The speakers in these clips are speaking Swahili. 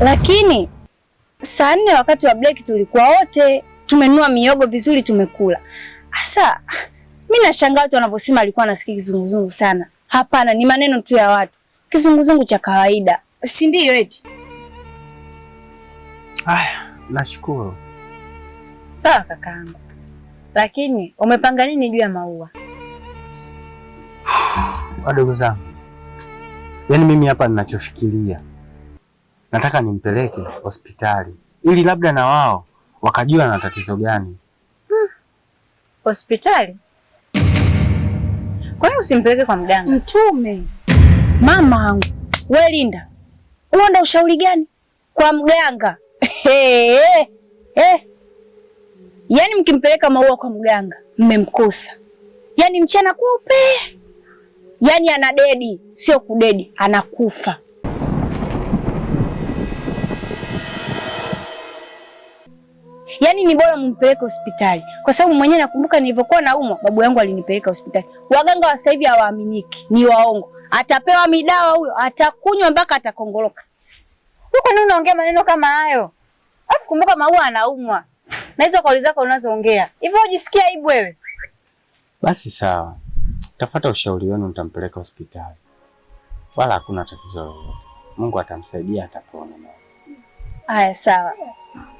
Lakini saa nne wakati wa break tulikuwa wote tumenua miogo vizuri tumekula. Sasa mimi nashangaa watu wanavyosema alikuwa anasikia kizunguzungu sana. Hapana, ni maneno tu ya watu. Kizunguzungu cha kawaida. Si ndio eti? Aya, nashukuru. Sawa kakaangu. Lakini umepanga nini juu ya maua? Wadogo zangu. Yaani mimi hapa ninachofikiria nataka nimpeleke hospitali ili labda na wao wakajua na tatizo gani. Hmm. Hospitali? Kwa nini usimpeleke kwa mganga? Mtume mama wangu, we Linda, uenda ushauri gani kwa mganga? Hey, hey, hey. Yaani mkimpeleka Maua kwa mganga mmemkosa, yaani mchana kupe yaani ana dedi, sio kudedi, anakufa. Yaani ni bora mnipeleke hospitali, kwa sababu mwenyewe nakumbuka nilivyokuwa naumwa, babu yangu alinipeleka hospitali. Waganga wa sasa hivi hawaaminiki, ni waongo. Atapewa midawa huyo, atakunywa mpaka atakongoloka. Huko ndio unaongea maneno kama hayo. Alafu kumbuka Maua anaumwa na hizo kauli zako unazoongea hivyo, ujisikia aibu wewe? Basi sawa, tafuta ushauri wenu, nitampeleka hospitali, wala hakuna tatizo lolote. Mungu atamsaidia, atapona. Haya, sawa.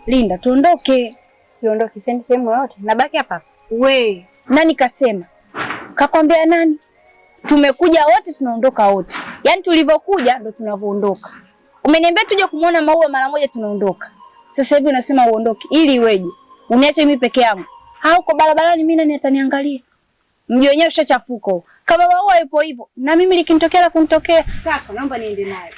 Linda, tuondoke. Siondoke, siendi sehemu yoyote, nabaki hapa. We nani kasema? Kakwambia nani? Tumekuja wote, tunaondoka wote. Yaani tulivyokuja ndo tunavyoondoka. Umeniambia tuje kumuona Maua mara moja, tunaondoka. Sasa hivi unasema uondoke, ili iweje? Uniache mimi peke yangu? Hauko barabarani, mimi nani ataniangalia? Mji wenyewe ushachafuko. Kama Maua yupo hivyo, na mimi likinitokea la kumtokea. Kaka, naomba niende naye.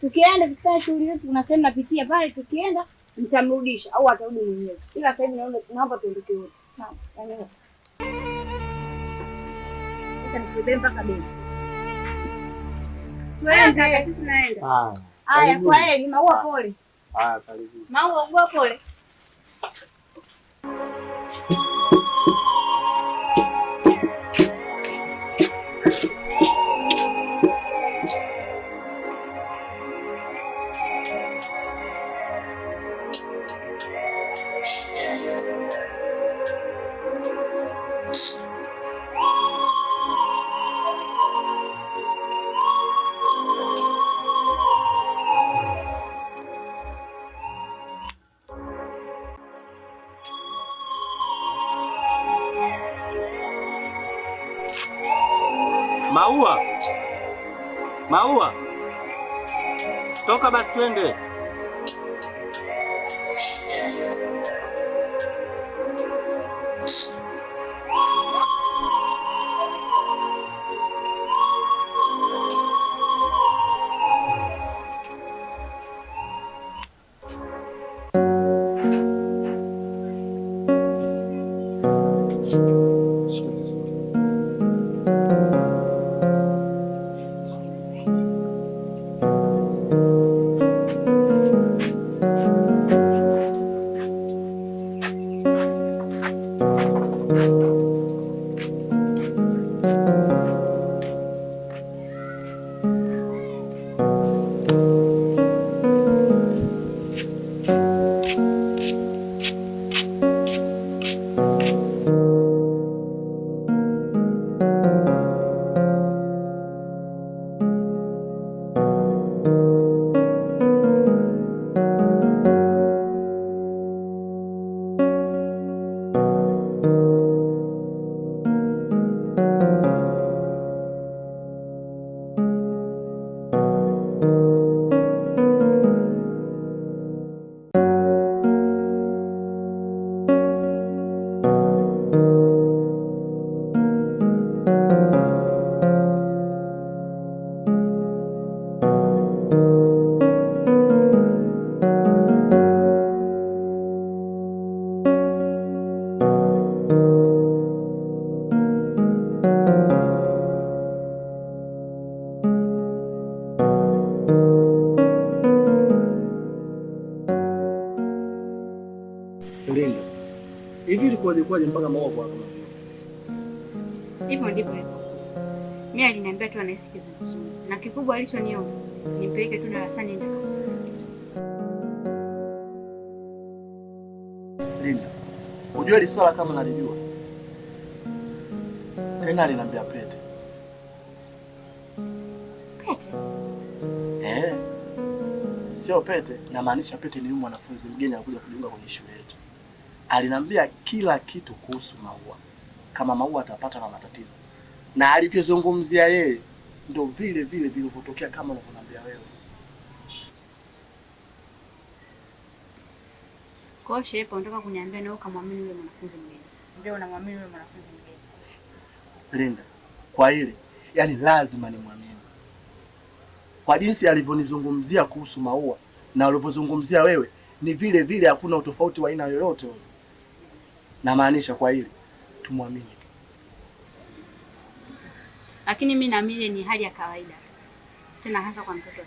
Tukienda tukifanya shughuli zetu, kuna sehemu napitia pale, tukienda nitamrudisha au atarudi mwenyewe, ila sasa hivi naona naomba tuondoke wote. Yaani, haya, kwaheri. Maua pole, maua ugua pole. Maua, maua, toka basi, twende. Hivi mpaka maua hivyo? Ndivyo hivyo, mimi aliniambia tu anaisikiza vizuri, na kikubwa alichoniomba nimpeleke tu darasani Linda, hujua hili swala kama nalijua, tena aliniambia pete pete. Eh, sio pete, namaanisha pete ni huyu mwanafunzi mgeni anakuja kujiunga kwenye shule yetu. Aliniambia kila kitu kuhusu Maua, kama Maua atapata na matatizo, na alivyozungumzia yeye ndo vile vile vilivyotokea kama unavyo ya wewe. Kwa hiyo Shepa, unataka kuniambia na ukamwamini yule mwanafunzi mgeni? Ndio, unamwamini yule mwanafunzi mgeni. Linda, kwa ile yani, lazima nimwamini kwa jinsi alivyonizungumzia kuhusu maua na alivyozungumzia wewe, ni vile vile, hakuna utofauti wa aina yoyote. Namaanisha kwa hili tumwamini, lakini mi naamini ni hali ya kawaida tena hasa kwa mtoto wa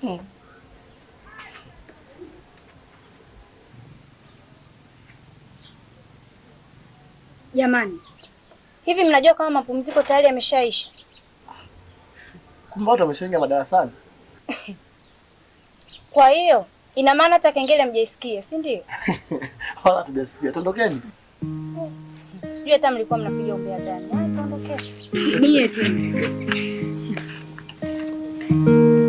hmm. kike Jamani, hivi mnajua kama mapumziko tayari yameshaisha? Kumbe watu wameshaingia madarasani. Kwa hiyo ina maana hata kengele mjaisikie, si ndio? Wala tujasikia, Tondokeni. Hmm. Sijui hata mlikuwa mnapiga umbea gani. Tondokeni. Mie tu. day.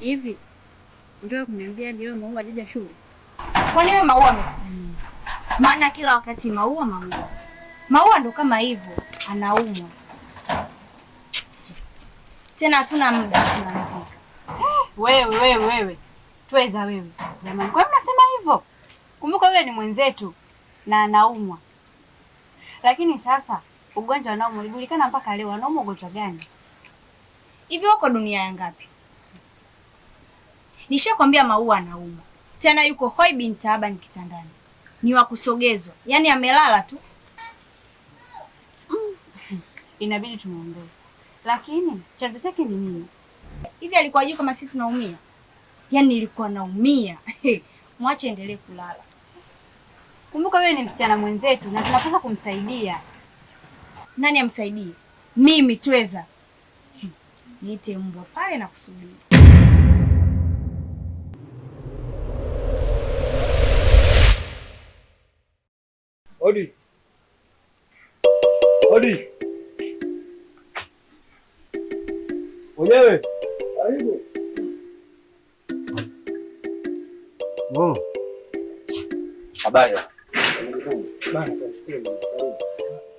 Hivi ndio kuniambia leo maua jaja shule? Kwa nini maua Maana kila wakati maua maua. Maua ndo kama hivyo, anaumwa. Tena hatuna muda tunamzika. Wewe wewe wewe. Tuweza wewe. Jamani, kwa nini unasema hivyo? Kumbuka yule ni mwenzetu na anaumwa. Lakini sasa ugonjwa anaoumwa ulijulikana mpaka leo, anaumwa ugonjwa gani? Hivi wako dunia ya ngapi? Nishakwambia Maua anauma tena, yuko hoi bin ni kitandani, ni wa kusogezwa, yaani amelala tu mm. inabidi tumuondoe, lakini chanzo chake ni nini? Hivi alikuwa juu kama sisi tunaumia? Yaani nilikuwa naumia mwache endelee kulala. Kumbuka wewe ni msichana mwenzetu na tunapaswa kumsaidia. Nani amsaidie? Mimi tuweza hmm. Niite mbwa pale na kusubiri. Hadi. Hadi. Mwenyewe. Karibu. Oh. Habari.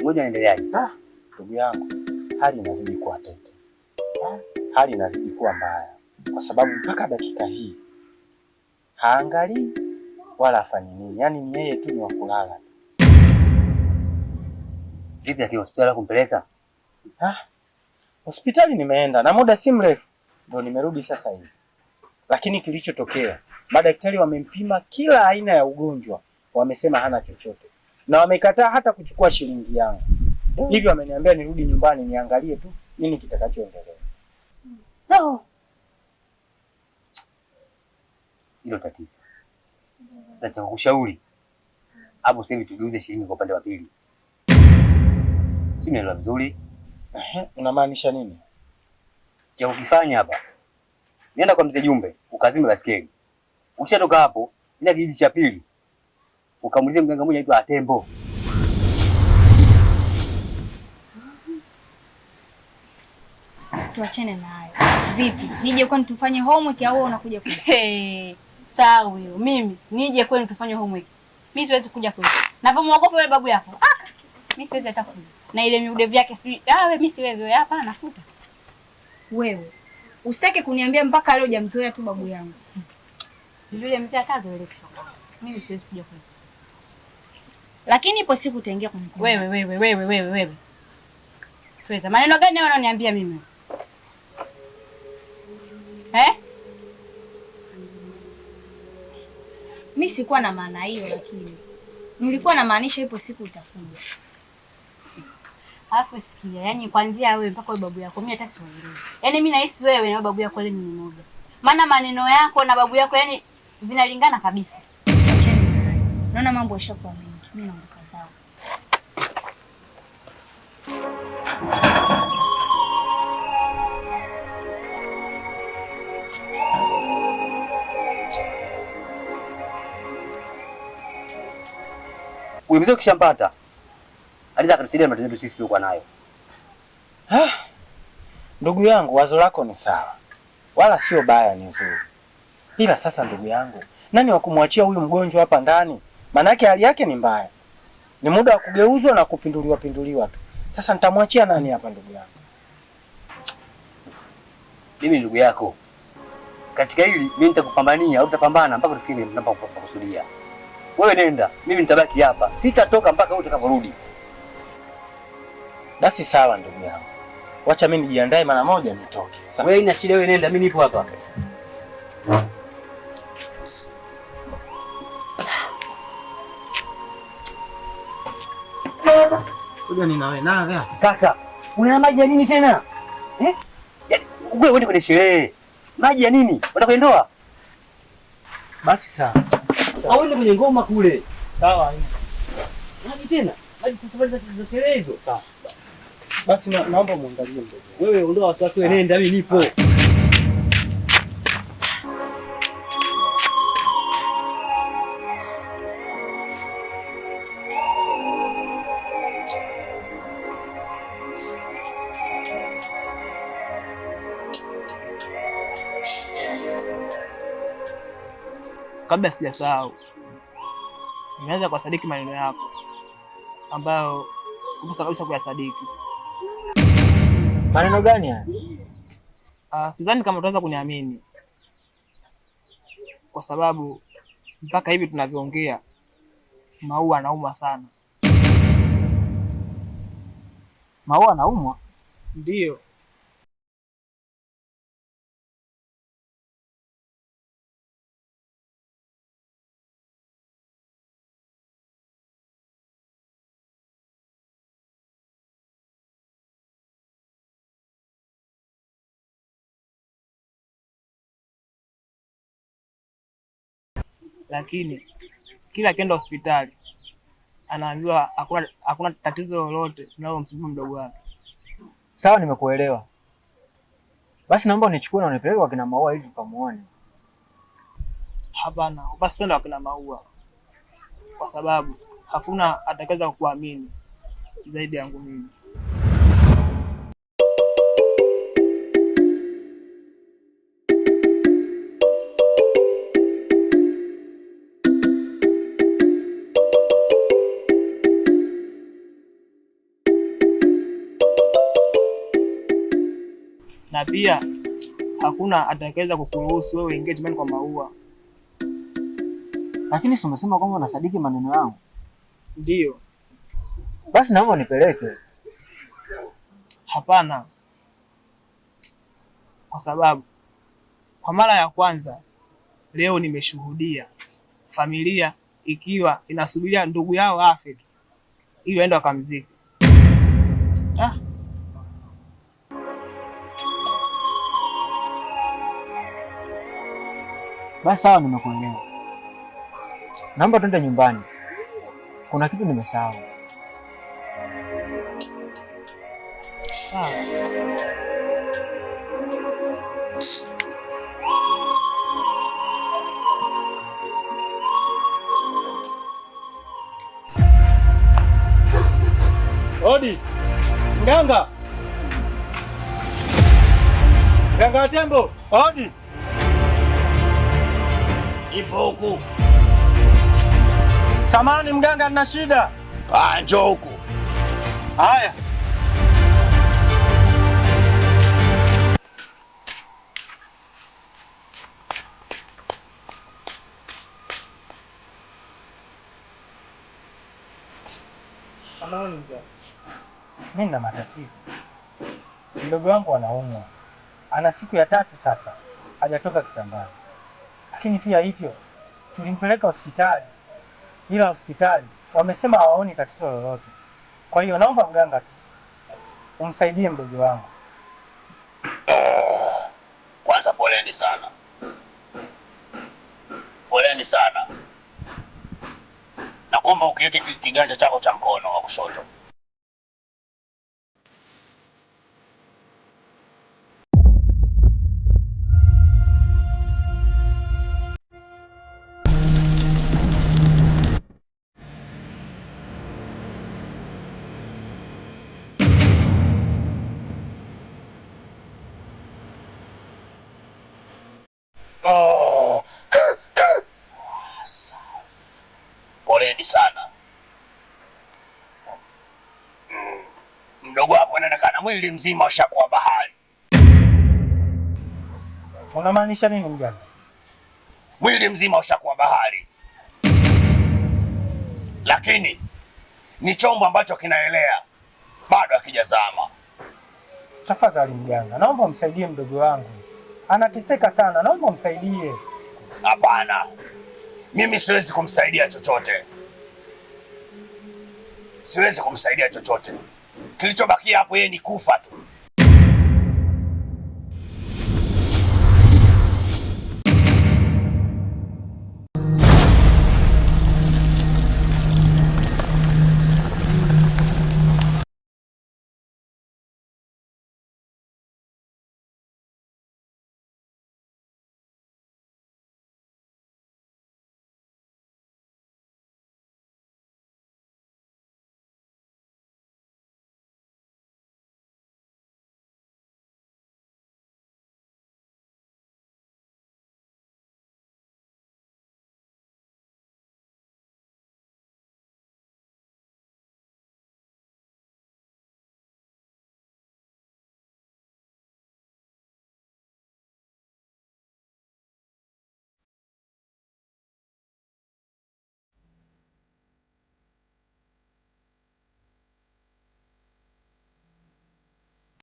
Ngoja niendeleaje? Ah, ndugu yangu, hali inazidi kuwa tete. Hali inazidi kuwa mbaya kwa sababu mpaka dakika hii haangalii wala afanyi nini, yaani ni yeye tu ni wa kulala. Vipi ati hospitali kumpeleka? Ha? Hospitali nimeenda na muda si mrefu ndio nimerudi sasa hivi. Lakini kilichotokea, madaktari wamempima kila aina ya ugonjwa, wamesema hana chochote. Na wamekataa hata kuchukua shilingi yangu. Hivyo ameniambia nirudi nyumbani niangalie tu nini kitakachoendelea. No. Hilo tatizo. Sasa cha kukushauri hapo sasa hivi tugeuze shilingi kwa upande wa pili si neno vizuri. Ehe, unamaanisha nini? Cha ukifanya hapa. Nienda kwa mzee Jumbe, ukazime basikeli. Ukishatoka hapo, nenda kijiji cha pili. Ukamulize mganga mmoja aitwa Atembo. Tuachene na Vipi? Nije kwani tufanye homework au unakuja kwa sawa huyo. Mimi nije kwani tufanye homework. Mimi siwezi kuja kwenu. Napomwogopa yule babu yako mi siwezi hata kula. Na ile miude yake, sijui. Ah, mi siwezi wewe hapa nafuta. Wewe. Usitaki kuniambia mpaka leo hujamzoea tu babu yangu. Yule mzee akazoeleka. Mimi siwezi kuja kula. Lakini ipo siku utaingia kwa mkono. Wewe wewe wewe wewe wewe. Tuweza. Maneno gani unaniambia mimi? Eh? Mimi sikuwa na maana hiyo lakini nilikuwa namaanisha ipo siku utakuja. Alafu sikia, yani kwanzia wewe mpaka wewe babu yako mimi hata siwaelewi. Yaani mimi nahisi wewe na babu yako ni mmoja. Maana maneno yako na babu yako yani vinalingana kabisa. Acheni. Naona mambo yashakuwa mengi. Mimi naondoka zao. Wewe mzee ukishampata aliza akatusaidia matatizo yetu sisi tulikuwa nayo. Ah, ndugu yangu, wazo lako ni sawa, wala sio baya, ni zuri. Ila sasa, ndugu yangu, nani wa kumwachia huyu mgonjwa hapa ndani? Maanake hali yake ni mbaya, ni muda wa kugeuzwa na kupinduliwa pinduliwa tu. Sasa nitamwachia nani hapa, ndugu yangu? Mimi ndugu yako katika hili mimi nitakupambania au tutapambana mpaka tufike tunapokusudia. Wewe nenda, mimi nitabaki hapa, sitatoka mpaka wewe utakaporudi. Basi sawa, ndugu yangu, wacha mimi nijiandae mara moja nitoke. Wewe ina shida, wewe nenda, mimi nipo hapa. Kaka, una maji ya nini tena eh? Wewe uende kwenye sherehe, maji ya nini? Unataka kwenye ndoa? Basi sawa, au uende kwenye ngoma kule. Sawa, maji tena, maji za sherehe hizo. Sawa. Basi naomba muangalie mdogo. Wewe ondoa wasiwasi, wewe nenda, mimi nipo. Kabla sijasahau, nimeanza kwa sadiki maneno yako ambayo sikukosa kabisa kuyasadiki. Maneno gani haya? Uh, sidhani kama utaweza kuniamini kwa sababu mpaka hivi tunavyoongea Maua anaumwa sana. Maua anaumwa? Ndiyo. lakini kila akienda hospitali anaambiwa hakuna, hakuna tatizo lolote linalomsumbua mdogo wake. Sawa, nimekuelewa. Basi naomba unichukue na unipeleke kwa kina Maua ili tukamuone. Hapana, basi twende kwa kina Maua kwa sababu hakuna atakaweza kukuamini zaidi yangu mimi. na pia hakuna atakaweza kukuruhusu wewe ingie chumbani kwa Maua. Lakini si umesema kwamba unasadiki maneno yangu? ndio Basi naomba nipeleke. Hapana, kwa sababu kwa mara ya kwanza leo nimeshuhudia familia ikiwa inasubiria ndugu yao afe tu ili waende wakamzike. Ah. Basi sawa, nimekuelewa. Naomba twende nyumbani, kuna kitu nimesahau. Sawa. Odi mganga, mganga wa tembo, odi ipo huku. Samani mganga, nina shida. Ah, njoo huku. Haya. mi mganga, matatizo. Mdogo wangu anaumwa, ana siku ya tatu sasa hajatoka kitandani. Lakini pia hivyo tulimpeleka hospitali, ila hospitali wamesema hawaoni tatizo lolote. Kwa hiyo naomba mganga umsaidie mdogo wangu. Kwanza poleni sana, poleni sana. Naomba ukiweke kiganja chako cha mkono wa kushoto Oh. Poleni sana Mdogo wako inaonekana mwili mzima ushakuwa bahari. Unamaanisha nini mganga? Mwili mzima ushakuwa bahari, lakini ni chombo ambacho kinaelea bado hakijazama. Tafadhali mganga, naomba msaidie mdogo wangu anateseka sana, naomba msaidie. Hapana, mimi siwezi kumsaidia chochote, siwezi kumsaidia chochote. Kilichobakia hapo yeye ni kufa tu.